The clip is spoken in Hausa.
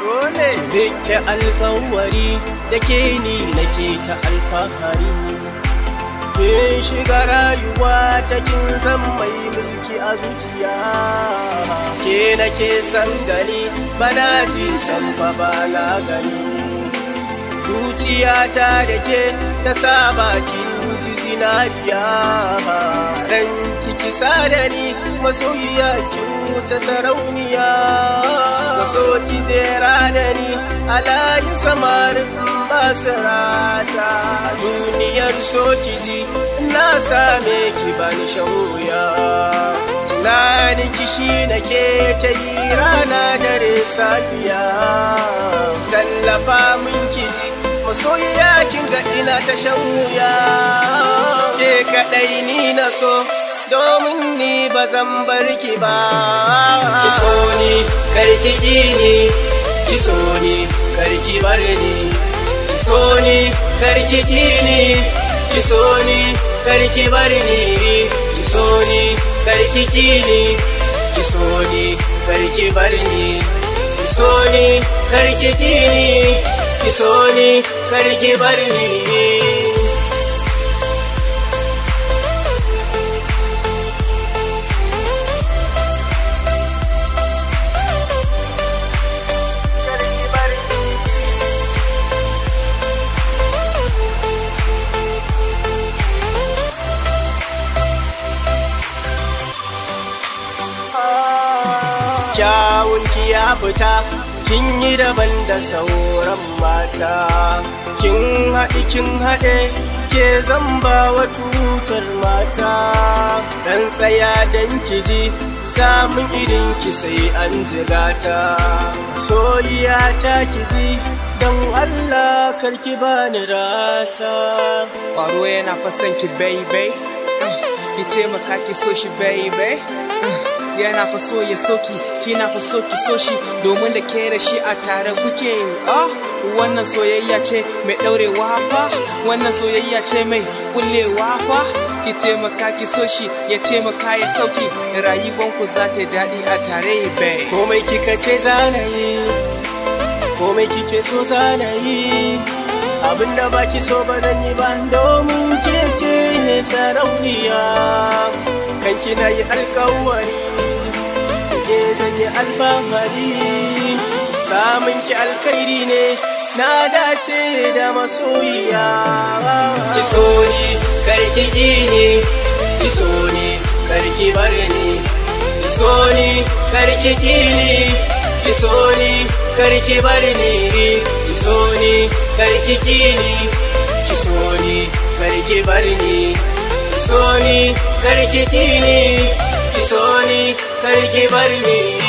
taro ne alfahari alkawari da ke ni nake ta alfahari kin shiga rayuwa ta kin san mai mulki a zuciya ke nake san gani bana ji san ba na gani zuciyata da ke ta saba kin ji zinariya ran kiki sadani masoyiya kin wuce sarauniya ku so ki jera da ni alayin samarin basirata duniyar so ki ji na same ki bani ni wuya tunani kishi ke ta yi rana dare safiya tallafa min ki ji masoyiya kin ga ina ta shan wuya ke kaɗai ni na so domin ni ba zan barki ba ki so ni kar ki ki ni ki so ni kar ki bar ni ki so ni kar ki ni ki so ni kar bar ni ki ni kar ki ni ki ni kar bar ni ki ni kar ki ni ki ni kar bar ni Yawunki ya fita kin yi daban da sauran mata kin haɗi kin haɗe ke zamba wa tutar mata dan tsaya dan kiji samun irin ki sai an jigata soyiya ta kiji dan Allah karki bani rata Kwaro yana fasan ki bai bai ki ce maka ki so shi bai bai yana fa ya soki kina fa so ki so domin da ke da shi a tare kuke ah wannan soyayya ce mai daurewa fa wannan soyayya ce mai kullewa fa ki taimaka ki so ya taimaka ya sauki rayuwar ku za ta daɗi a tare bai komai kika ce zanayi komai kike so zanayi abin da baki so ba zan yi ba domin ke ce sarauniya kan kina yi alkawari zan yi alfahari samun ki alkhairi ne na dace da masoyiya ki so ni karki ki ni ki so ni karki bar ni ki so ni karki ki ni ki so ni karki bar ni ki so ni karki ki ni ki so ni karki bar ni ki so ni karki ki ni ki so ni Tergi vermiş